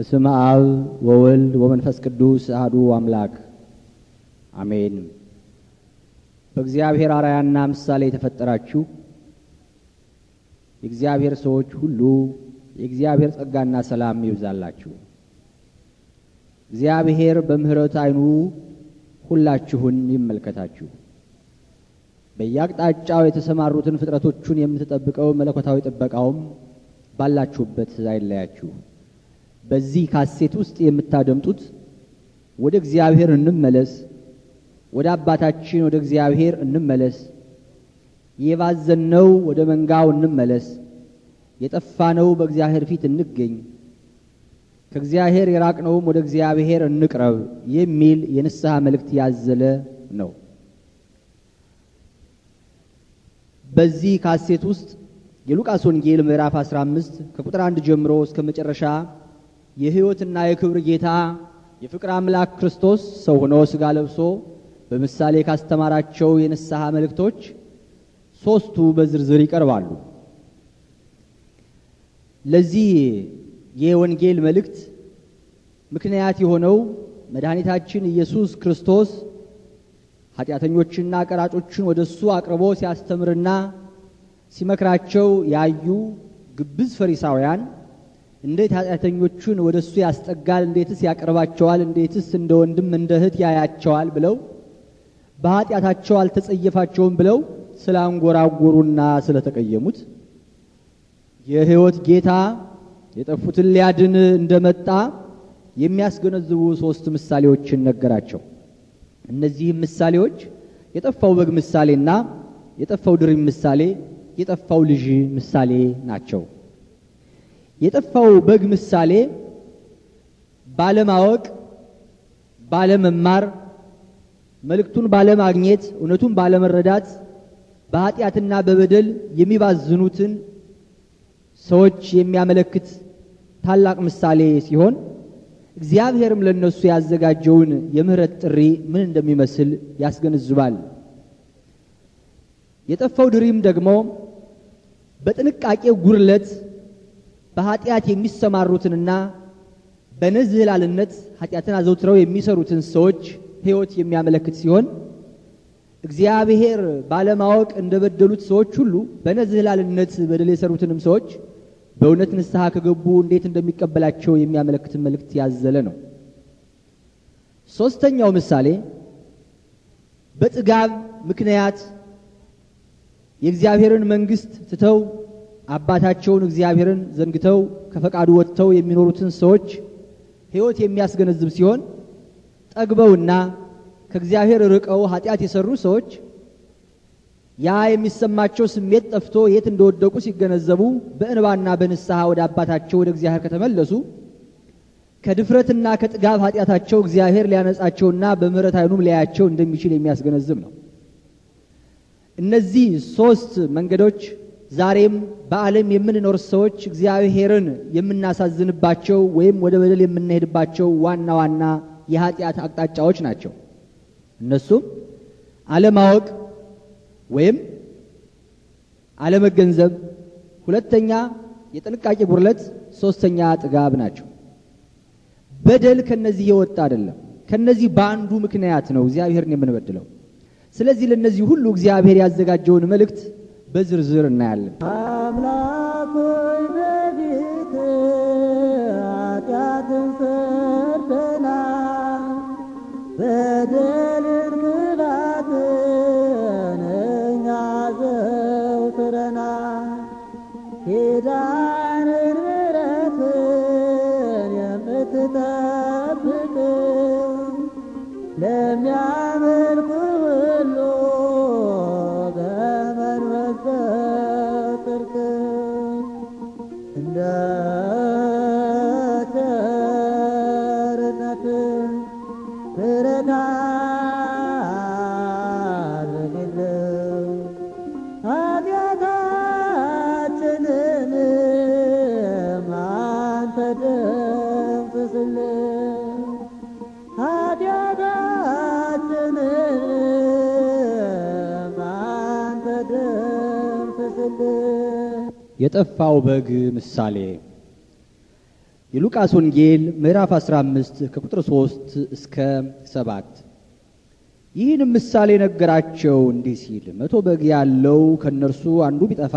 በስም አብ ወወልድ ወመንፈስ ቅዱስ አህዱ አምላክ አሜን። በእግዚአብሔር አርአያና ምሳሌ የተፈጠራችሁ የእግዚአብሔር ሰዎች ሁሉ የእግዚአብሔር ጸጋና ሰላም ይብዛላችሁ። እግዚአብሔር በምሕረት ዓይኑ ሁላችሁን ይመልከታችሁ። በየአቅጣጫው የተሰማሩትን ፍጥረቶቹን የምትጠብቀው መለኮታዊ ጥበቃውም ባላችሁበት አይለያችሁ። በዚህ ካሴት ውስጥ የምታደምጡት ወደ እግዚአብሔር እንመለስ፣ ወደ አባታችን ወደ እግዚአብሔር እንመለስ፣ የባዘነው ወደ መንጋው እንመለስ፣ የጠፋነው በእግዚአብሔር ፊት እንገኝ፣ ከእግዚአብሔር የራቅነውም ወደ እግዚአብሔር እንቅረብ የሚል የንስሐ መልእክት ያዘለ ነው። በዚህ ካሴት ውስጥ የሉቃስ ወንጌል ምዕራፍ 15 ከቁጥር 1 ጀምሮ እስከ መጨረሻ የሕይወትና የክብር ጌታ የፍቅር አምላክ ክርስቶስ ሰው ሆኖ ሥጋ ለብሶ በምሳሌ ካስተማራቸው የንስሐ መልእክቶች ሦስቱ በዝርዝር ይቀርባሉ። ለዚህ የወንጌል መልእክት ምክንያት የሆነው መድኃኒታችን ኢየሱስ ክርስቶስ ኃጢአተኞችና ቀራጮችን ወደ እሱ አቅርቦ ሲያስተምርና ሲመክራቸው ያዩ ግብዝ ፈሪሳውያን እንዴት ኃጢአተኞቹን ወደ እሱ ያስጠጋል? እንዴትስ ያቀርባቸዋል? እንዴትስ እንደ ወንድም እንደ እህት ያያቸዋል? ብለው በኃጢአታቸው አልተጸየፋቸውም ብለው ስለ ስለተቀየሙት የሕይወት ጌታ የጠፉትን ሊያድን እንደመጣ የሚያስገነዝቡ ሶስት ምሳሌዎችን ነገራቸው። እነዚህም ምሳሌዎች የጠፋው በግ ምሳሌና የጠፋው ድሪም ምሳሌ፣ የጠፋው ልጅ ምሳሌ ናቸው። የጠፋው በግ ምሳሌ ባለማወቅ፣ ባለመማር፣ መልእክቱን ባለማግኘት፣ እውነቱን ባለመረዳት በኃጢአትና በበደል የሚባዝኑትን ሰዎች የሚያመለክት ታላቅ ምሳሌ ሲሆን እግዚአብሔርም ለነሱ ያዘጋጀውን የምህረት ጥሪ ምን እንደሚመስል ያስገነዝባል። የጠፋው ድሪም ደግሞ በጥንቃቄ ጉድለት በኃጢአት የሚሰማሩትንና በንዝህላልነት ኃጢአትን አዘውትረው የሚሰሩትን ሰዎች ሕይወት የሚያመለክት ሲሆን እግዚአብሔር ባለማወቅ እንደበደሉት ሰዎች ሁሉ በንዝህላልነት በደል የሰሩትንም ሰዎች በእውነት ንስሐ ከገቡ እንዴት እንደሚቀበላቸው የሚያመለክትን መልእክት ያዘለ ነው። ሶስተኛው ምሳሌ በጥጋብ ምክንያት የእግዚአብሔርን መንግስት ትተው አባታቸውን እግዚአብሔርን ዘንግተው ከፈቃዱ ወጥተው የሚኖሩትን ሰዎች ሕይወት የሚያስገነዝብ ሲሆን ጠግበውና ከእግዚአብሔር ርቀው ኃጢአት የሰሩ ሰዎች ያ የሚሰማቸው ስሜት ጠፍቶ የት እንደወደቁ ሲገነዘቡ በእንባና በንስሐ ወደ አባታቸው ወደ እግዚአብሔር ከተመለሱ ከድፍረትና ከጥጋብ ኃጢአታቸው እግዚአብሔር ሊያነጻቸውና በምሕረት ዓይኑም ሊያያቸው እንደሚችል የሚያስገነዝብ ነው። እነዚህ ሶስት መንገዶች ዛሬም በዓለም የምንኖር ሰዎች እግዚአብሔርን የምናሳዝንባቸው ወይም ወደ በደል የምንሄድባቸው ዋና ዋና የኃጢአት አቅጣጫዎች ናቸው። እነሱም አለማወቅ ወይም አለመገንዘብ፣ ሁለተኛ የጥንቃቄ ጉድለት፣ ሶስተኛ ጥጋብ ናቸው። በደል ከነዚህ የወጣ አይደለም። ከነዚህ በአንዱ ምክንያት ነው እግዚአብሔርን የምንበድለው። ስለዚህ ለነዚህ ሁሉ እግዚአብሔር ያዘጋጀውን መልእክት በዝርዝር እናያለን። አምላኮይ በፊት ኃጢአትን በደ የጠፋው በግ ምሳሌ የሉቃስ ወንጌል ምዕራፍ 15 ከቁጥር 3 እስከ 7 ይህንም ምሳሌ ነገራቸው እንዲህ ሲል መቶ በግ ያለው ከእነርሱ አንዱ ቢጠፋ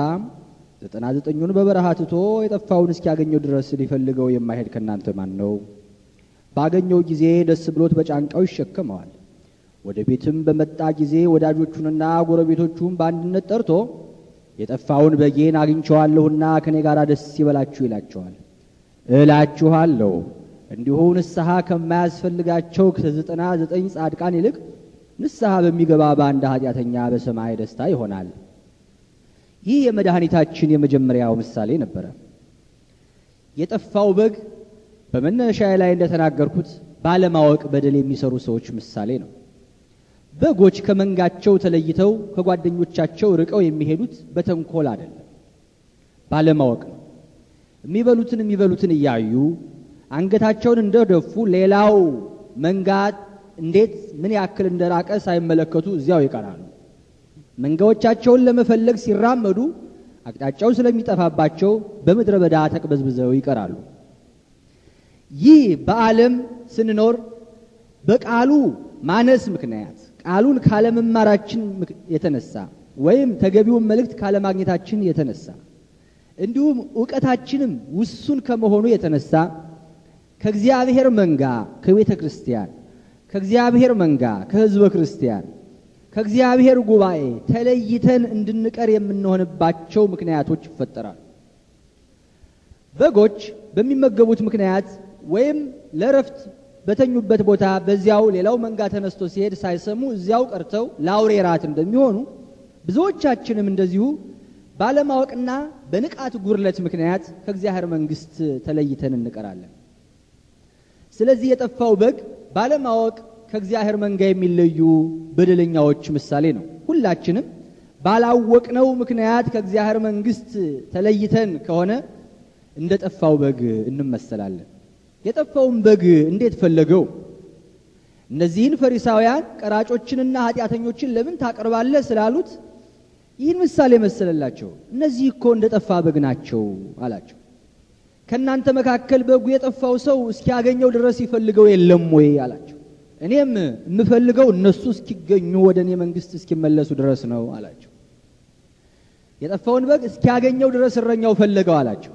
ዘጠና ዘጠኙን በበረሃ ትቶ የጠፋውን እስኪያገኘው ድረስ ሊፈልገው የማይሄድ ከእናንተ ማን ነው? ባገኘው ጊዜ ደስ ብሎት በጫንቃው ይሸከመዋል። ወደ ቤትም በመጣ ጊዜ ወዳጆቹንና ጎረቤቶቹን በአንድነት ጠርቶ የጠፋውን በጌን አግኝቸዋለሁና ከእኔ ጋር ደስ ይበላችሁ ይላቸዋል። እላችኋለሁ እንዲሁ ንስሐ ከማያስፈልጋቸው ከዘጠና ዘጠኝ ጻድቃን ይልቅ ንስሐ በሚገባ በአንድ ኃጢአተኛ በሰማይ ደስታ ይሆናል። ይህ የመድኃኒታችን የመጀመሪያው ምሳሌ ነበረ። የጠፋው በግ በመነሻዬ ላይ እንደተናገርኩት ባለማወቅ በደል የሚሰሩ ሰዎች ምሳሌ ነው። በጎች ከመንጋቸው ተለይተው ከጓደኞቻቸው ርቀው የሚሄዱት በተንኮል አይደለም፣ ባለማወቅ ነው። የሚበሉትን የሚበሉትን እያዩ አንገታቸውን እንደደፉ ሌላው መንጋ እንዴት ምን ያክል እንደራቀ ሳይመለከቱ እዚያው ይቀራሉ። መንጋዎቻቸውን ለመፈለግ ሲራመዱ አቅጣጫው ስለሚጠፋባቸው በምድረ በዳ ተቅበዝብዘው ይቀራሉ። ይህ በዓለም ስንኖር በቃሉ ማነስ ምክንያት ቃሉን ካለመማራችን የተነሳ ወይም ተገቢውን መልእክት ካለማግኘታችን የተነሳ እንዲሁም እውቀታችንም ውሱን ከመሆኑ የተነሳ ከእግዚአብሔር መንጋ ከቤተ ክርስቲያን ከእግዚአብሔር መንጋ ከህዝበ ክርስቲያን ከእግዚአብሔር ጉባኤ ተለይተን እንድንቀር የምንሆንባቸው ምክንያቶች ይፈጠራሉ። በጎች በሚመገቡት ምክንያት ወይም ለእረፍት በተኙበት ቦታ በዚያው ሌላው መንጋ ተነስቶ ሲሄድ ሳይሰሙ እዚያው ቀርተው ለአውሬ ራት እንደሚሆኑ ብዙዎቻችንም እንደዚሁ ባለማወቅና በንቃት ጉርለት ምክንያት ከእግዚአብሔር መንግሥት ተለይተን እንቀራለን። ስለዚህ የጠፋው በግ ባለማወቅ ከእግዚአብሔር መንጋ የሚለዩ በደለኛዎች ምሳሌ ነው። ሁላችንም ባላወቅነው ምክንያት ከእግዚአብሔር መንግሥት ተለይተን ከሆነ እንደ ጠፋው በግ እንመሰላለን። የጠፋውን በግ እንዴት ፈለገው? እነዚህን ፈሪሳውያን ቀራጮችንና ኃጢአተኞችን ለምን ታቀርባለህ ስላሉት ይህን ምሳሌ መሰለላቸው። እነዚህ እኮ እንደ ጠፋ በግ ናቸው አላቸው። ከእናንተ መካከል በጉ የጠፋው ሰው እስኪያገኘው ድረስ ይፈልገው የለም ወይ አላቸው። እኔም የምፈልገው እነሱ እስኪገኙ ወደ እኔ መንግሥት እስኪመለሱ ድረስ ነው አላቸው። የጠፋውን በግ እስኪያገኘው ድረስ እረኛው ፈለገው አላቸው።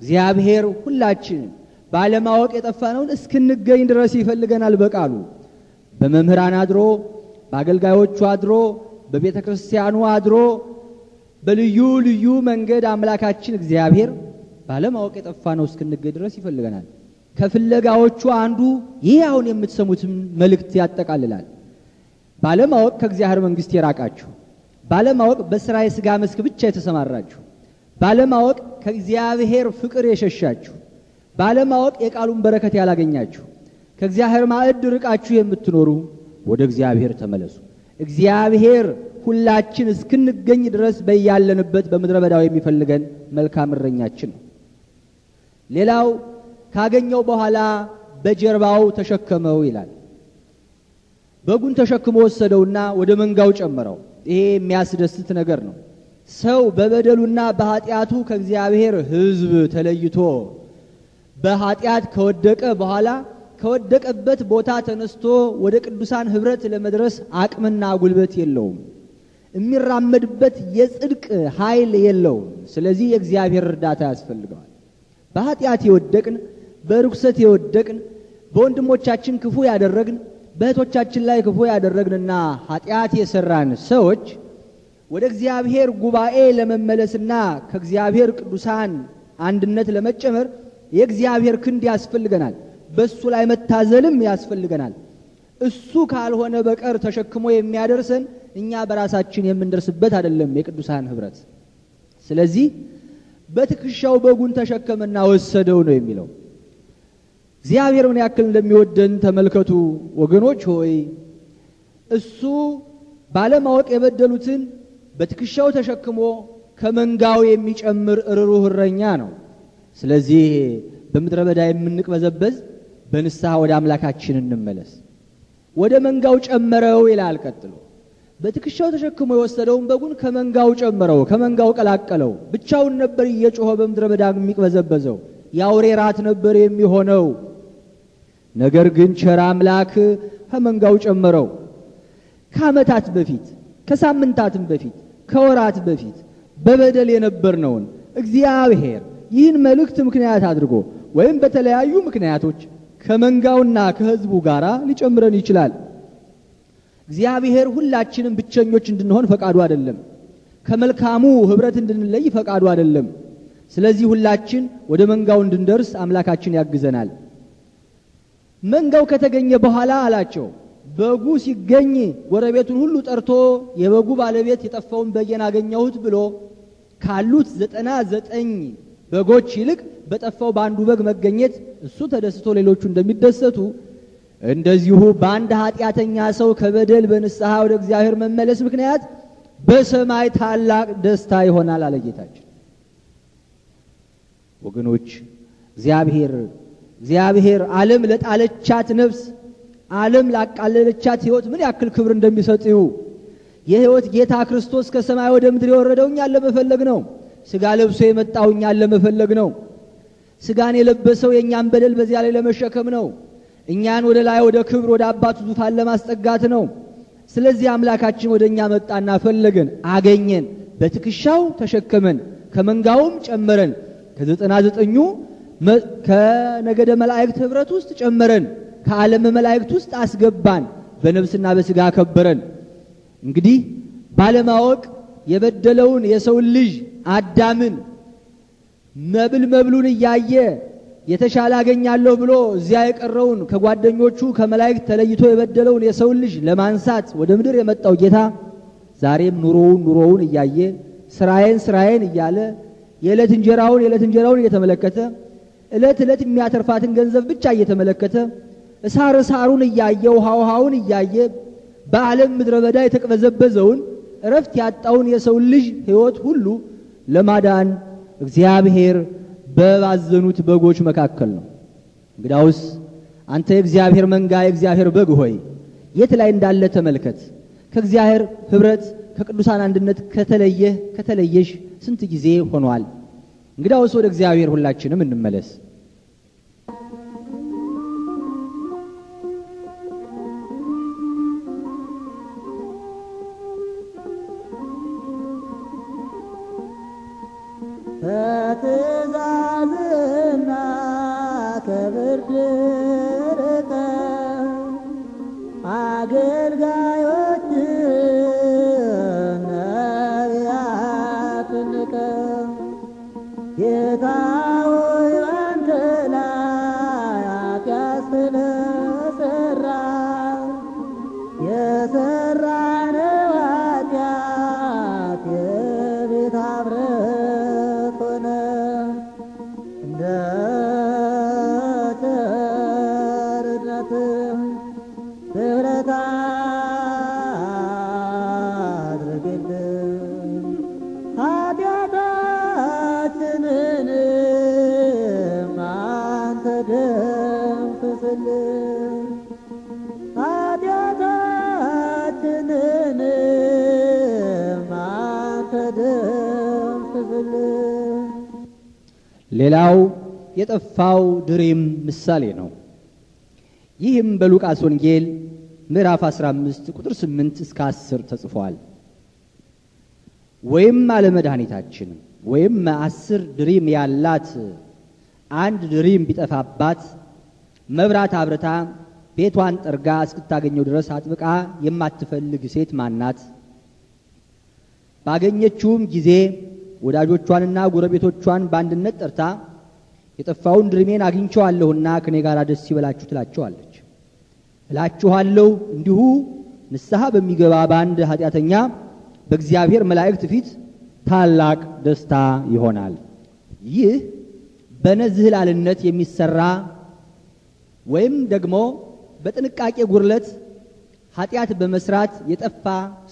እግዚአብሔር ሁላችንን ባለማወቅ የጠፋነውን እስክንገኝ ድረስ ይፈልገናል በቃሉ በመምህራን አድሮ በአገልጋዮቹ አድሮ በቤተ ክርስቲያኑ አድሮ በልዩ ልዩ መንገድ አምላካችን እግዚአብሔር ባለማወቅ የጠፋነው እስክንገኝ ድረስ ይፈልገናል። ከፍለጋዎቹ አንዱ ይህ አሁን የምትሰሙትም መልእክት ያጠቃልላል። ባለማወቅ ከእግዚአብሔር መንግሥት የራቃችሁ፣ ባለማወቅ በሥራ የሥጋ መስክ ብቻ የተሰማራችሁ፣ ባለማወቅ ከእግዚአብሔር ፍቅር የሸሻችሁ ባለማወቅ የቃሉን በረከት ያላገኛችሁ ከእግዚአብሔር ማዕድ ርቃችሁ የምትኖሩ ወደ እግዚአብሔር ተመለሱ። እግዚአብሔር ሁላችን እስክንገኝ ድረስ በያለንበት በምድረ በዳው የሚፈልገን መልካም እረኛችን ነው። ሌላው ካገኘው በኋላ በጀርባው ተሸከመው ይላል። በጉን ተሸክሞ ወሰደውና ወደ መንጋው ጨመረው። ይሄ የሚያስደስት ነገር ነው። ሰው በበደሉና በኃጢአቱ ከእግዚአብሔር ሕዝብ ተለይቶ በኃጢአት ከወደቀ በኋላ ከወደቀበት ቦታ ተነስቶ ወደ ቅዱሳን ህብረት ለመድረስ አቅምና ጉልበት የለውም። የሚራመድበት የጽድቅ ኃይል የለውም። ስለዚህ የእግዚአብሔር እርዳታ ያስፈልገዋል። በኃጢአት የወደቅን፣ በርኩሰት የወደቅን፣ በወንድሞቻችን ክፉ ያደረግን፣ በእህቶቻችን ላይ ክፉ ያደረግንና ኃጢአት የሰራን ሰዎች ወደ እግዚአብሔር ጉባኤ ለመመለስና ከእግዚአብሔር ቅዱሳን አንድነት ለመጨመር የእግዚአብሔር ክንድ ያስፈልገናል። በእሱ ላይ መታዘልም ያስፈልገናል። እሱ ካልሆነ በቀር ተሸክሞ የሚያደርሰን እኛ በራሳችን የምንደርስበት አይደለም የቅዱሳን ህብረት። ስለዚህ በትከሻው በጉን ተሸከመና ወሰደው ነው የሚለው። እግዚአብሔር ምን ያክል እንደሚወደን ተመልከቱ ወገኖች ሆይ። እሱ ባለማወቅ የበደሉትን በትከሻው ተሸክሞ ከመንጋው የሚጨምር ርሩህ እረኛ ነው። ስለዚህ በምድረ በዳ የምንቅበዘበዝ በንስሐ ወደ አምላካችን እንመለስ። ወደ መንጋው ጨመረው ይላል ቀጥሎ በትከሻው ተሸክሞ የወሰደውን በጉን ከመንጋው ጨመረው፣ ከመንጋው ቀላቀለው። ብቻውን ነበር እየጮኸ በምድረ በዳ የሚቅበዘበዘው። የአውሬ ራት ነበር የሚሆነው። ነገር ግን ቸር አምላክ ከመንጋው ጨመረው። ከዓመታት በፊት ከሳምንታትም በፊት ከወራት በፊት በበደል የነበርነውን እግዚአብሔር ይህን መልእክት ምክንያት አድርጎ ወይም በተለያዩ ምክንያቶች ከመንጋውና ከህዝቡ ጋር ሊጨምረን ይችላል። እግዚአብሔር ሁላችንም ብቸኞች እንድንሆን ፈቃዱ አይደለም። ከመልካሙ ህብረት እንድንለይ ፈቃዱ አይደለም። ስለዚህ ሁላችን ወደ መንጋው እንድንደርስ አምላካችን ያግዘናል። መንጋው ከተገኘ በኋላ አላቸው፣ በጉ ሲገኝ ጎረቤቱን ሁሉ ጠርቶ የበጉ ባለቤት የጠፋውን በየን አገኘሁት ብሎ ካሉት ዘጠና ዘጠኝ በጎች ይልቅ በጠፋው በአንዱ በግ መገኘት እሱ ተደስቶ ሌሎቹ እንደሚደሰቱ እንደዚሁ በአንድ ኃጢአተኛ ሰው ከበደል በንስሐ ወደ እግዚአብሔር መመለስ ምክንያት በሰማይ ታላቅ ደስታ ይሆናል አለ ጌታችን። ወገኖች እግዚአብሔር እግዚአብሔር ዓለም ለጣለቻት ነፍስ ዓለም ላቃለለቻት ሕይወት ምን ያክል ክብር እንደሚሰጥ ይሁ የሕይወት ጌታ ክርስቶስ ከሰማይ ወደ ምድር የወረደው እኛን ለመፈለግ ነው። ስጋ ለብሶ የመጣው እኛን ለመፈለግ ነው። ስጋን የለበሰው የእኛን በደል በዚያ ላይ ለመሸከም ነው። እኛን ወደ ላይ ወደ ክብር ወደ አባቱ ዙፋን ለማስጠጋት ነው። ስለዚህ አምላካችን ወደ እኛ መጣና ፈለገን፣ አገኘን፣ በትከሻው ተሸከመን፣ ከመንጋውም ጨመረን። ከዘጠና ዘጠኙ ከነገደ መላእክት ኅብረት ውስጥ ጨመረን፣ ከዓለም መላእክት ውስጥ አስገባን፣ በነፍስና በስጋ ከበረን። እንግዲህ ባለማወቅ የበደለውን የሰውን ልጅ አዳምን መብል መብሉን እያየ የተሻለ አገኛለሁ ብሎ እዚያ የቀረውን ከጓደኞቹ ከመላእክት ተለይቶ የበደለውን የሰውን ልጅ ለማንሳት ወደ ምድር የመጣው ጌታ ዛሬም ኑሮውን ኑሮውን እያየ ስራዬን ስራዬን እያለ የዕለት እንጀራውን የዕለት እንጀራውን እየተመለከተ ዕለት ዕለት የሚያተርፋትን ገንዘብ ብቻ እየተመለከተ እሳር እሳሩን እያየ ውሃ ውሃውን እያየ በዓለም ምድረ በዳ የተቅበዘበዘውን እረፍት ያጣውን የሰውን ልጅ ሕይወት ሁሉ ለማዳን እግዚአብሔር በባዘኑት በጎች መካከል ነው። እንግዳውስ አንተ የእግዚአብሔር መንጋ የእግዚአብሔር በግ ሆይ የት ላይ እንዳለ ተመልከት። ከእግዚአብሔር ኅብረት ከቅዱሳን አንድነት ከተለየህ ከተለየሽ ስንት ጊዜ ሆኗል? እንግዳውስ ወደ እግዚአብሔር ሁላችንም እንመለስ። የጠፋው ድሪም ምሳሌ ነው። ይህም በሉቃስ ወንጌል ምዕራፍ 15 ቁጥር 8 እስከ 10 ተጽፏል። ወይም አለመድኃኒታችን ወይም አስር ድሪም ያላት አንድ ድሪም ቢጠፋባት መብራት አብርታ ቤቷን ጠርጋ እስክታገኘው ድረስ አጥብቃ የማትፈልግ ሴት ማናት? ባገኘችውም ጊዜ ወዳጆቿንና ጎረቤቶቿን በአንድነት ጠርታ የጠፋውን ድርሜን አግኝቸዋለሁና ከኔ ጋር ደስ ይበላችሁ ትላቸዋለች። እላችኋለሁ እንዲሁ ንስሐ በሚገባ በአንድ ኃጢአተኛ በእግዚአብሔር መላእክት ፊት ታላቅ ደስታ ይሆናል። ይህ በነዝህላልነት የሚሰራ ወይም ደግሞ በጥንቃቄ ጉርለት ኃጢአት በመስራት የጠፋ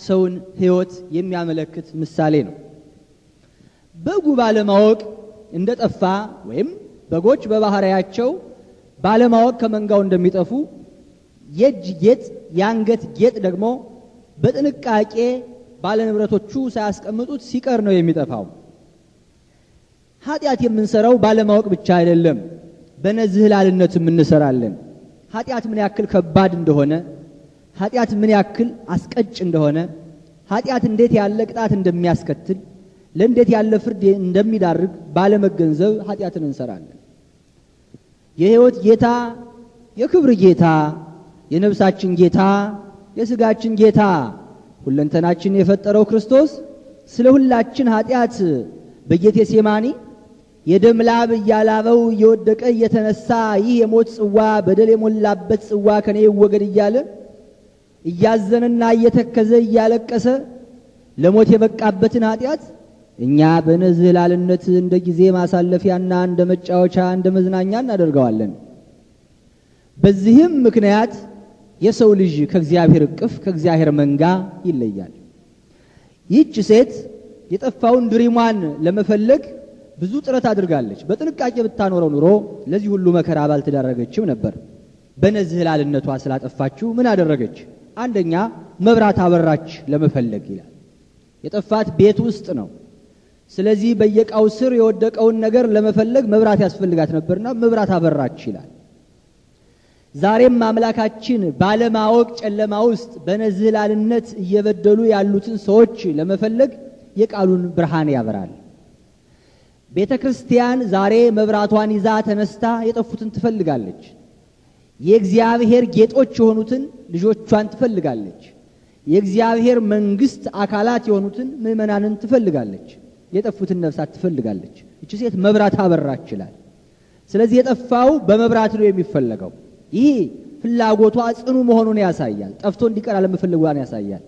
ሰውን ሕይወት የሚያመለክት ምሳሌ ነው። በጉ ባለማወቅ እንደ ጠፋ ወይም በጎች በባህሪያቸው ባለማወቅ ከመንጋው እንደሚጠፉ የእጅ ጌጥ፣ የአንገት ጌጥ ደግሞ በጥንቃቄ ባለንብረቶቹ ሳያስቀምጡት ሲቀር ነው የሚጠፋው። ኃጢአት የምንሰራው ባለማወቅ ብቻ አይደለም፣ በነዝህላልነትም እንሰራለን። ኃጢአት ምን ያክል ከባድ እንደሆነ፣ ኃጢአት ምን ያክል አስቀጭ እንደሆነ፣ ኃጢአት እንዴት ያለ ቅጣት እንደሚያስከትል ለእንዴት ያለ ፍርድ እንደሚዳርግ ባለመገንዘብ ኃጢአትን እንሰራለን። የሕይወት ጌታ፣ የክብር ጌታ፣ የነፍሳችን ጌታ፣ የሥጋችን ጌታ ሁለንተናችን የፈጠረው ክርስቶስ ስለ ሁላችን ኃጢአት በጌቴሴማኒ የደም ላብ እያላበው እየወደቀ እየተነሳ ይህ የሞት ጽዋ በደል የሞላበት ጽዋ ከኔ ይወገድ እያለ እያዘነና እየተከዘ እያለቀሰ ለሞት የበቃበትን ኃጢአት እኛ በንዝህላልነት እንደ ጊዜ ማሳለፊያና እንደ መጫወቻ እንደ መዝናኛ እናደርገዋለን። በዚህም ምክንያት የሰው ልጅ ከእግዚአብሔር እቅፍ ከእግዚአብሔር መንጋ ይለያል። ይህች ሴት የጠፋውን ድሪሟን ለመፈለግ ብዙ ጥረት አድርጋለች። በጥንቃቄ ብታኖረው ኑሮ ለዚህ ሁሉ መከራ ባልተዳረገችም ነበር። በነዝህላልነቷ ስላጠፋችው ምን አደረገች? አንደኛ መብራት አበራች ለመፈለግ ይላል። የጠፋት ቤት ውስጥ ነው። ስለዚህ በየቃው ስር የወደቀውን ነገር ለመፈለግ መብራት ያስፈልጋት ነበርና መብራት አበራች ይላል። ዛሬም አምላካችን ባለማወቅ ጨለማ ውስጥ በነዝህላልነት እየበደሉ ያሉትን ሰዎች ለመፈለግ የቃሉን ብርሃን ያበራል። ቤተ ክርስቲያን ዛሬ መብራቷን ይዛ ተነስታ የጠፉትን ትፈልጋለች። የእግዚአብሔር ጌጦች የሆኑትን ልጆቿን ትፈልጋለች። የእግዚአብሔር መንግስት አካላት የሆኑትን ምእመናንን ትፈልጋለች። የጠፉትን ነፍሳት ትፈልጋለች። እቺ ሴት መብራት አበራች ይላል። ስለዚህ የጠፋው በመብራት ነው የሚፈለገው። ይህ ፍላጎቷ ጽኑ መሆኑን ያሳያል። ጠፍቶ እንዲቀር አለመፈለጓን ያሳያል።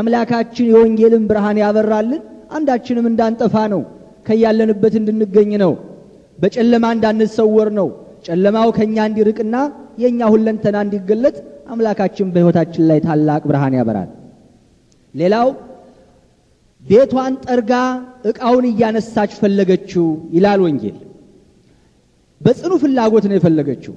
አምላካችን የወንጌልን ብርሃን ያበራልን አንዳችንም እንዳንጠፋ ነው። ከያለንበት እንድንገኝ ነው። በጨለማ እንዳንሰወር ነው። ጨለማው ከኛ እንዲርቅና የእኛ ሁለንተና እንዲገለጥ አምላካችን በሕይወታችን ላይ ታላቅ ብርሃን ያበራል። ሌላው ቤቷን ጠርጋ ዕቃውን እያነሳች ፈለገችው ይላል ወንጌል። በጽኑ ፍላጎት ነው የፈለገችው።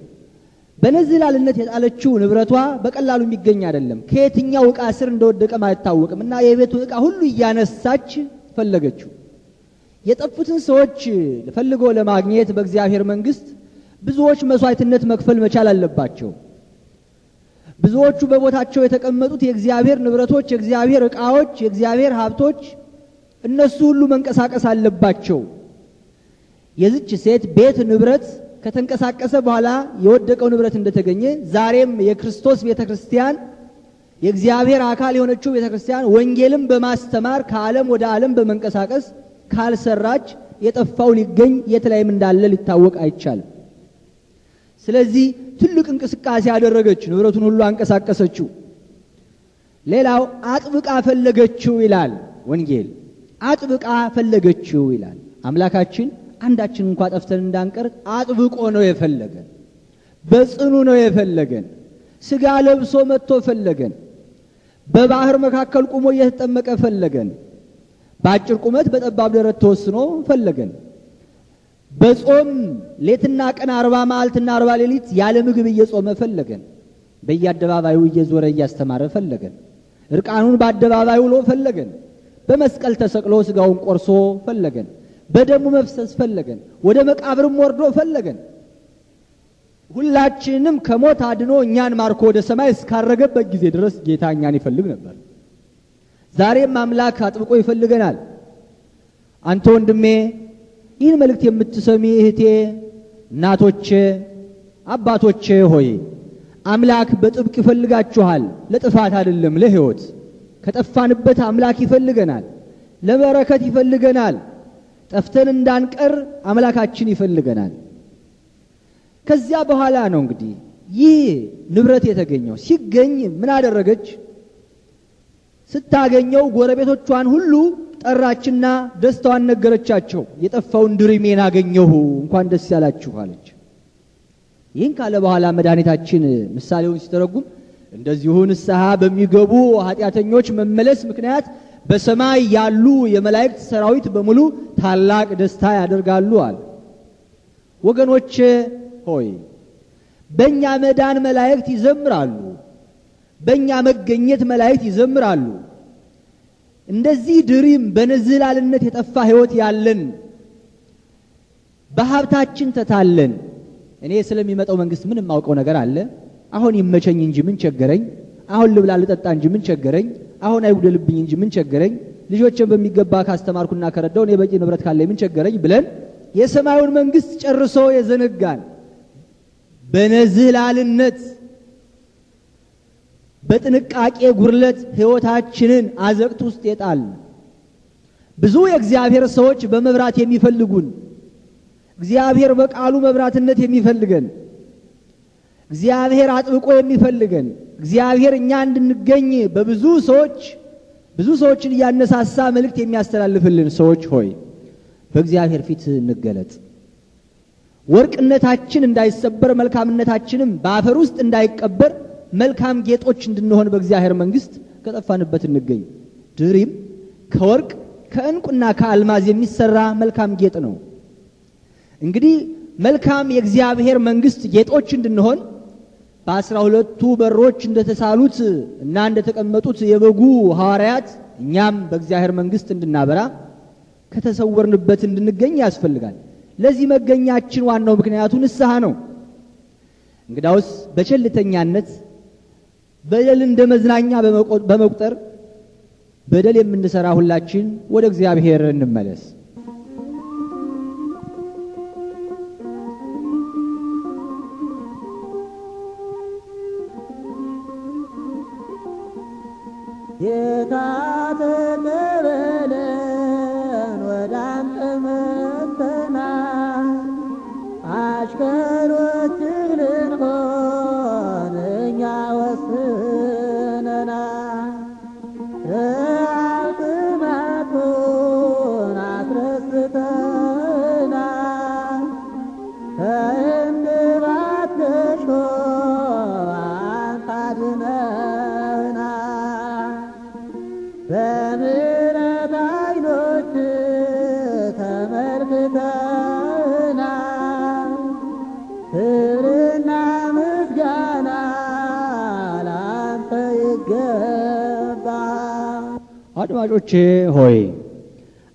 ላልነት የጣለችው ንብረቷ በቀላሉ የሚገኝ አይደለም። ከየትኛው ዕቃ ስር እንደወደቀም አይታወቅም እና የቤቱን ዕቃ ሁሉ እያነሳች ፈለገችው። የጠፉትን ሰዎች ፈልጎ ለማግኘት በእግዚአብሔር መንግሥት ብዙዎች መስዋዕትነት መክፈል መቻል አለባቸው። ብዙዎቹ በቦታቸው የተቀመጡት የእግዚአብሔር ንብረቶች፣ የእግዚአብሔር ዕቃዎች፣ የእግዚአብሔር ሀብቶች እነሱ ሁሉ መንቀሳቀስ አለባቸው። የዚች ሴት ቤት ንብረት ከተንቀሳቀሰ በኋላ የወደቀው ንብረት እንደተገኘ ዛሬም የክርስቶስ ቤተ ክርስቲያን የእግዚአብሔር አካል የሆነችው ቤተ ክርስቲያን ወንጌልም በማስተማር ከዓለም ወደ ዓለም በመንቀሳቀስ ካልሰራች የጠፋው ሊገኝ የት ላይም እንዳለ ሊታወቅ አይቻልም። ስለዚህ ትልቅ እንቅስቃሴ ያደረገች ንብረቱን ሁሉ አንቀሳቀሰችው። ሌላው አጥብቃ ፈለገችው ይላል ወንጌል። አጥብቃ ፈለገችው ይላል። አምላካችን አንዳችን እንኳ ጠፍተን እንዳንቀር አጥብቆ ነው የፈለገን፣ በጽኑ ነው የፈለገን። ስጋ ለብሶ መጥቶ ፈለገን። በባህር መካከል ቁሞ እየተጠመቀ ፈለገን። በአጭር ቁመት በጠባብ ደረት ተወስኖ ፈለገን። በጾም ሌትና ቀን አርባ መዓልትና አርባ ሌሊት ያለ ምግብ እየጾመ ፈለገን። በየአደባባዩ እየዞረ እያስተማረ ፈለገን። እርቃኑን በአደባባይ ውሎ ፈለገን። በመስቀል ተሰቅሎ ስጋውን ቆርሶ ፈለገን። በደሙ መፍሰስ ፈለገን። ወደ መቃብርም ወርዶ ፈለገን። ሁላችንም ከሞት አድኖ እኛን ማርኮ ወደ ሰማይ እስካረገበት ጊዜ ድረስ ጌታ እኛን ይፈልግ ነበር። ዛሬም አምላክ አጥብቆ ይፈልገናል። አንተ ወንድሜ ይህን መልእክት የምትሰሚ እህቴ፣ እናቶቼ፣ አባቶቼ ሆይ አምላክ በጥብቅ ይፈልጋችኋል። ለጥፋት አይደለም፣ ለሕይወት ከጠፋንበት አምላክ ይፈልገናል። ለበረከት ይፈልገናል። ጠፍተን እንዳንቀር አምላካችን ይፈልገናል። ከዚያ በኋላ ነው እንግዲህ ይህ ንብረት የተገኘው። ሲገኝ ምን አደረገች? ስታገኘው ጎረቤቶቿን ሁሉ ጠራችና ደስታዋን ነገረቻቸው። የጠፋውን ድሪሜን አገኘሁ እንኳን ደስ ያላችሁ አለች። ይህን ካለ በኋላ መድኃኒታችን ምሳሌውን ሲተረጉም እንደዚሁ ንስሐ በሚገቡ ኃጢአተኞች መመለስ ምክንያት በሰማይ ያሉ የመላእክት ሰራዊት በሙሉ ታላቅ ደስታ ያደርጋሉ አለ። ወገኖች ሆይ በእኛ መዳን መላእክት ይዘምራሉ፣ በእኛ መገኘት መላእክት ይዘምራሉ። እንደዚህ ድሪም በነዝላልነት የጠፋ ህይወት ያለን በሀብታችን ተታለን እኔ ስለሚመጣው መንግስት ምን የማውቀው ነገር አለ? አሁን ይመቸኝ እንጂ ምን ቸገረኝ? አሁን ልብላ ልጠጣ እንጂ ምን ቸገረኝ? አሁን አይጉደልብኝ እንጂ ምን ቸገረኝ? ልጆችን በሚገባ ካስተማርኩና ከረዳው እኔ በቂ ንብረት ካለ ምን ቸገረኝ ብለን የሰማዩን መንግስት ጨርሶ የዘነጋን በነዝህላልነት በጥንቃቄ ጉርለት ሕይወታችንን አዘቅት ውስጥ የጣል ብዙ የእግዚአብሔር ሰዎች በመብራት የሚፈልጉን እግዚአብሔር በቃሉ መብራትነት የሚፈልገን እግዚአብሔር አጥብቆ የሚፈልገን እግዚአብሔር እኛ እንድንገኝ በብዙ ሰዎች ብዙ ሰዎችን እያነሳሳ መልእክት የሚያስተላልፍልን ሰዎች ሆይ በእግዚአብሔር ፊት እንገለጥ። ወርቅነታችን እንዳይሰበር መልካምነታችንም በአፈር ውስጥ እንዳይቀበር መልካም ጌጦች እንድንሆን በእግዚአብሔር መንግስት ከጠፋንበት እንገኝ። ድሪም ከወርቅ ከእንቁና ከአልማዝ የሚሰራ መልካም ጌጥ ነው። እንግዲህ መልካም የእግዚአብሔር መንግስት ጌጦች እንድንሆን በአስራ ሁለቱ በሮች እንደተሳሉት እና እንደተቀመጡት የበጉ ሐዋርያት እኛም በእግዚአብሔር መንግስት እንድናበራ ከተሰወርንበት እንድንገኝ ያስፈልጋል። ለዚህ መገኛችን ዋናው ምክንያቱ ንስሐ ነው። እንግዳውስ በቸልተኛነት በደል እንደ መዝናኛ በመቁጠር በደል የምንሰራ ሁላችን ወደ እግዚአብሔር እንመለስ። ጌታ ልጆች ሆይ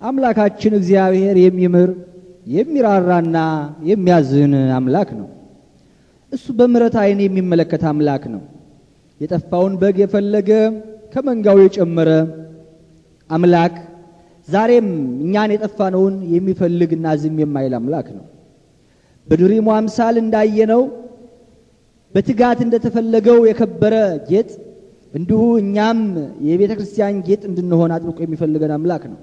አምላካችን እግዚአብሔር የሚምር የሚራራና የሚያዝን አምላክ ነው። እሱ በምሕረት ዓይን የሚመለከት አምላክ ነው። የጠፋውን በግ የፈለገ ከመንጋው የጨመረ አምላክ ዛሬም እኛን የጠፋነውን የሚፈልግና ዝም የማይል አምላክ ነው። በድሪሙ አምሳል እንዳየነው በትጋት እንደተፈለገው የከበረ ጌጥ እንዲሁ እኛም የቤተ ክርስቲያን ጌጥ እንድንሆን አጥብቆ የሚፈልገን አምላክ ነው።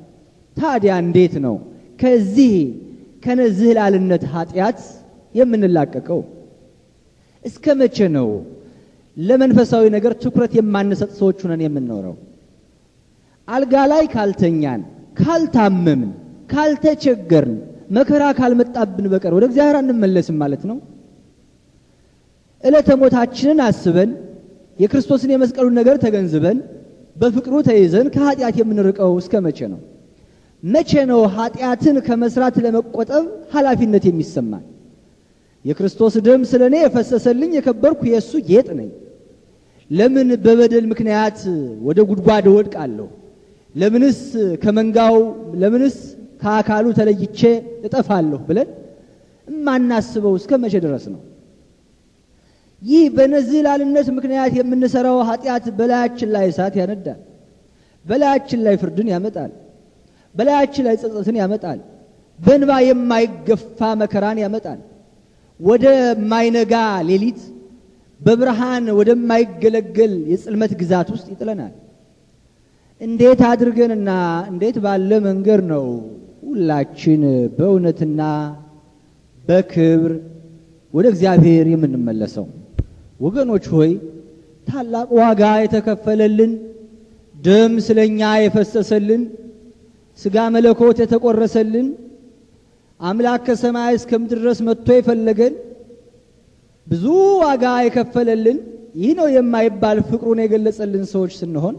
ታዲያ እንዴት ነው ከዚህ ከነዚህ ላልነት ኃጢአት የምንላቀቀው? እስከ መቼ ነው ለመንፈሳዊ ነገር ትኩረት የማንሰጥ ሰዎች ሁነን የምንኖረው? አልጋ ላይ ካልተኛን፣ ካልታመምን፣ ካልተቸገርን፣ መከራ ካልመጣብን በቀር ወደ እግዚአብሔር አንመለስም ማለት ነው። ዕለተ ሞታችንን አስበን የክርስቶስን የመስቀሉን ነገር ተገንዝበን በፍቅሩ ተይዘን ከኃጢአት የምንርቀው እስከ መቼ ነው? መቼ ነው ኃጢአትን ከመስራት ለመቆጠብ ኃላፊነት የሚሰማን? የክርስቶስ ደም ስለ እኔ የፈሰሰልኝ የከበርኩ የእሱ ጌጥ ነኝ። ለምን በበደል ምክንያት ወደ ጉድጓድ እወድቃለሁ? ለምንስ ከመንጋው ለምንስ ከአካሉ ተለይቼ እጠፋለሁ ብለን እማናስበው እስከ መቼ ድረስ ነው? ይህ በነዚህ ላልነት ምክንያት የምንሰራው ኃጢአት በላያችን ላይ እሳት ያነዳል፣ በላያችን ላይ ፍርድን ያመጣል፣ በላያችን ላይ ጸጸትን ያመጣል፣ በንባ የማይገፋ መከራን ያመጣል። ወደማይነጋ ሌሊት በብርሃን ወደማይገለገል የጽልመት ግዛት ውስጥ ይጥለናል። እንዴት አድርገንና እንዴት ባለ መንገድ ነው ሁላችን በእውነትና በክብር ወደ እግዚአብሔር የምንመለሰው? ወገኖች ሆይ ታላቅ ዋጋ የተከፈለልን ደም ስለኛ የፈሰሰልን ስጋ መለኮት የተቆረሰልን አምላክ ከሰማይ እስከ ምድር ድረስ መጥቶ የፈለገን ብዙ ዋጋ የከፈለልን ይህ ነው የማይባል ፍቅሩን የገለጸልን ሰዎች ስንሆን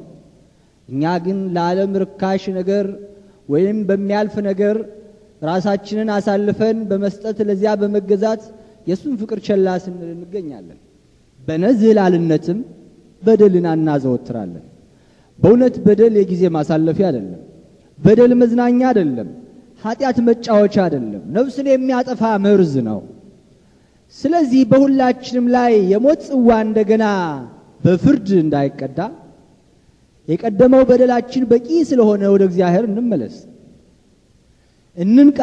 እኛ ግን ለዓለም ርካሽ ነገር ወይም በሚያልፍ ነገር ራሳችንን አሳልፈን በመስጠት ለዚያ በመገዛት የእሱን ፍቅር ቸላ ስንል እንገኛለን። በነዝህላልነትም በደልን እናዘወትራለን። በእውነት በደል የጊዜ ማሳለፊያ አይደለም። በደል መዝናኛ አይደለም። ኃጢአት መጫወቻ አይደለም። ነፍስን የሚያጠፋ መርዝ ነው። ስለዚህ በሁላችንም ላይ የሞት ጽዋ እንደገና በፍርድ እንዳይቀዳ የቀደመው በደላችን በቂ ስለሆነ ወደ እግዚአብሔር እንመለስ፣ እንንቃ።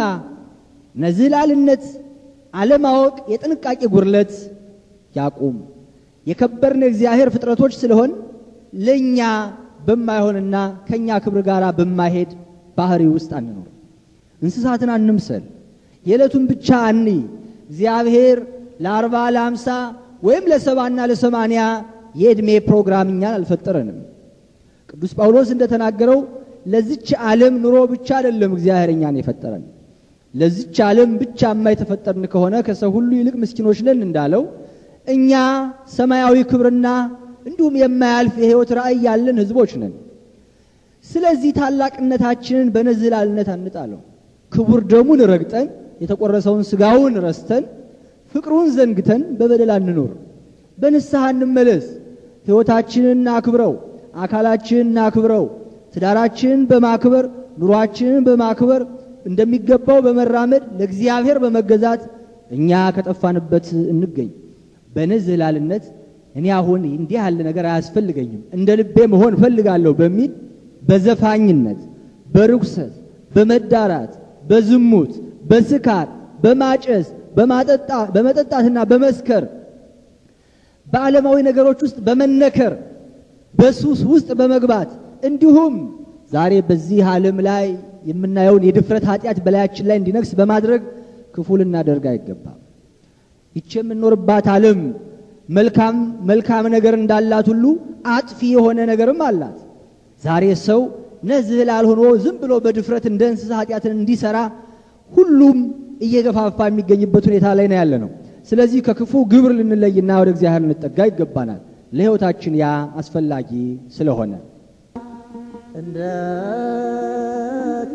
ነዝህላልነት፣ አለማወቅ፣ የጥንቃቄ ጉድለት ያቁም። የከበርን እግዚአብሔር ፍጥረቶች ስለሆን ለእኛ በማይሆንና ከእኛ ክብር ጋር በማይሄድ ባህሪ ውስጥ አንኖር። እንስሳትን አንምሰል። የዕለቱን ብቻ አኒ እግዚአብሔር ለአርባ ለአምሳ ወይም ለሰባና ለሰማንያ የዕድሜ ፕሮግራም እኛን አልፈጠረንም። ቅዱስ ጳውሎስ እንደተናገረው ለዚች ዓለም ኑሮ ብቻ አይደለም እግዚአብሔር እኛን የፈጠረን። ለዚች ዓለም ብቻማ የተፈጠርን ከሆነ ከሰው ሁሉ ይልቅ ምስኪኖች ነን እንዳለው እኛ ሰማያዊ ክብርና እንዲሁም የማያልፍ የሕይወት ራእይ ያለን ህዝቦች ነን። ስለዚህ ታላቅነታችንን በነዝላልነት አንጣለው። ክቡር ደሙን ረግጠን የተቆረሰውን ስጋውን ረስተን ፍቅሩን ዘንግተን በበደል አንኖር። በንስሐ እንመለስ። ሕይወታችንን አክብረው፣ አካላችንን አክብረው፣ ትዳራችንን በማክበር ኑሯችንን በማክበር እንደሚገባው በመራመድ ለእግዚአብሔር በመገዛት እኛ ከጠፋንበት እንገኝ። በንዝህላልነት እኔ አሁን እንዲህ ያለ ነገር አያስፈልገኝም እንደ ልቤ መሆን ፈልጋለሁ በሚል በዘፋኝነት፣ በርኩሰት፣ በመዳራት፣ በዝሙት፣ በስካር፣ በማጨስ፣ በመጠጣትና በመስከር በዓለማዊ ነገሮች ውስጥ በመነከር በሱስ ውስጥ በመግባት እንዲሁም ዛሬ በዚህ ዓለም ላይ የምናየውን የድፍረት ኃጢአት በላያችን ላይ እንዲነግስ በማድረግ ክፉ ልናደርግ አይገባም። ይቺ የምንኖርባት ዓለም መልካም መልካም ነገር እንዳላት ሁሉ አጥፊ የሆነ ነገርም አላት። ዛሬ ሰው ነዝህ ላልሆኖ ዝም ብሎ በድፍረት እንደ እንስሳ ኃጢአትን እንዲሰራ ሁሉም እየገፋፋ የሚገኝበት ሁኔታ ላይ ነው ያለ ነው። ስለዚህ ከክፉ ግብር ልንለይና ወደ እግዚአብሔር ልንጠጋ ይገባናል። ለሕይወታችን ያ አስፈላጊ ስለሆነ እንደ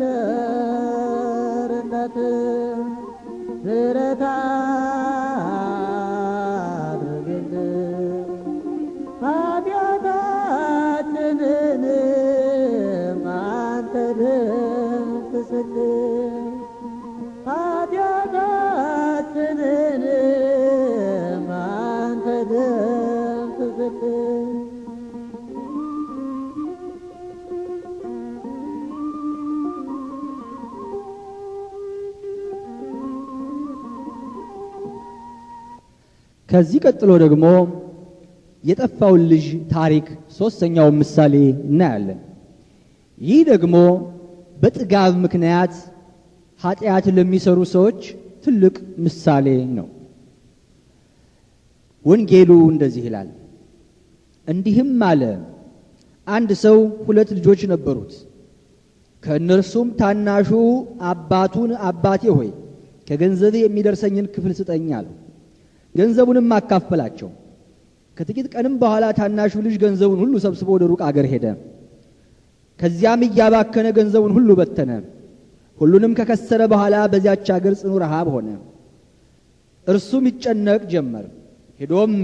ቸርነት ከዚህ ቀጥሎ ደግሞ የጠፋውን ልጅ ታሪክ ሶስተኛውን ምሳሌ እናያለን። ይህ ደግሞ በጥጋብ ምክንያት ኃጢአት ለሚሰሩ ሰዎች ትልቅ ምሳሌ ነው። ወንጌሉ እንደዚህ ይላል፣ እንዲህም አለ፣ አንድ ሰው ሁለት ልጆች ነበሩት። ከእነርሱም ታናሹ አባቱን አባቴ ሆይ ከገንዘብ የሚደርሰኝን ክፍል ስጠኝ አለው። ገንዘቡንም አካፈላቸው። ከጥቂት ቀንም በኋላ ታናሹ ልጅ ገንዘቡን ሁሉ ሰብስቦ ወደ ሩቅ አገር ሄደ። ከዚያም እያባከነ ገንዘቡን ሁሉ በተነ። ሁሉንም ከከሰረ በኋላ በዚያች አገር ጽኑ ረሃብ ሆነ። እርሱም ይጨነቅ ጀመር። ሄዶም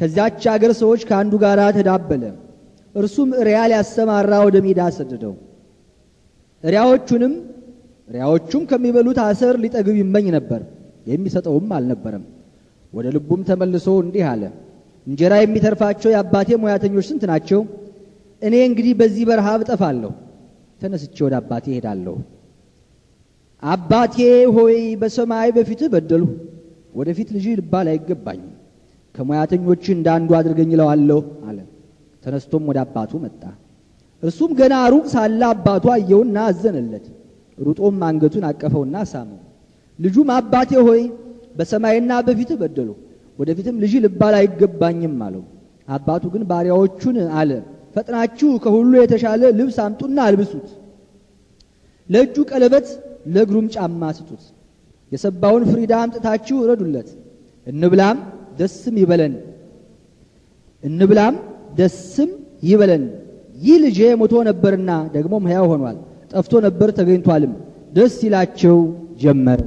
ከዚያች አገር ሰዎች ከአንዱ ጋር ተዳበለ። እርሱም እሪያ ሊያሰማራ ወደ ሜዳ ሰደደው። እሪያዎቹንም እሪያዎቹም ከሚበሉት አሰር ሊጠግብ ይመኝ ነበር፣ የሚሰጠውም አልነበረም። ወደ ልቡም ተመልሶ እንዲህ አለ፣ እንጀራ የሚተርፋቸው የአባቴ ሙያተኞች ስንት ናቸው? እኔ እንግዲህ በዚህ በረሃብ እጠፋለሁ። ተነስቼ ወደ አባቴ እሄዳለሁ። አባቴ ሆይ በሰማይ በፊትህ በደልሁ፣ ወደፊት ልጅ ልባል አይገባኝም። ከሙያተኞች እንደ አድርገኝ እለዋለሁ አለ። ተነስቶም ወደ አባቱ መጣ። እርሱም ገና ሩቅ ሳለ አባቱ አየውና አዘነለት። ሩጦም አንገቱን አቀፈውና ሳመው። ልጁም አባቴ ሆይ በሰማይና በፊት በደሉ፣ ወደፊትም ልጅ ልባል አይገባኝም አለው። አባቱ ግን ባሪያዎቹን አለ፣ ፈጥናችሁ ከሁሉ የተሻለ ልብስ አምጡና አልብሱት፣ ለእጁ ቀለበት፣ ለእግሩም ጫማ ስጡት። የሰባውን ፍሪዳ አምጥታችሁ እረዱለት፣ እንብላም ደስም ይበለን እንብላም ደስም ይበለን። ይህ ልጄ ሞቶ ነበርና ደግሞም ሕያው ሆኗል፣ ጠፍቶ ነበር ተገኝቷልም። ደስ ይላቸው ጀመር።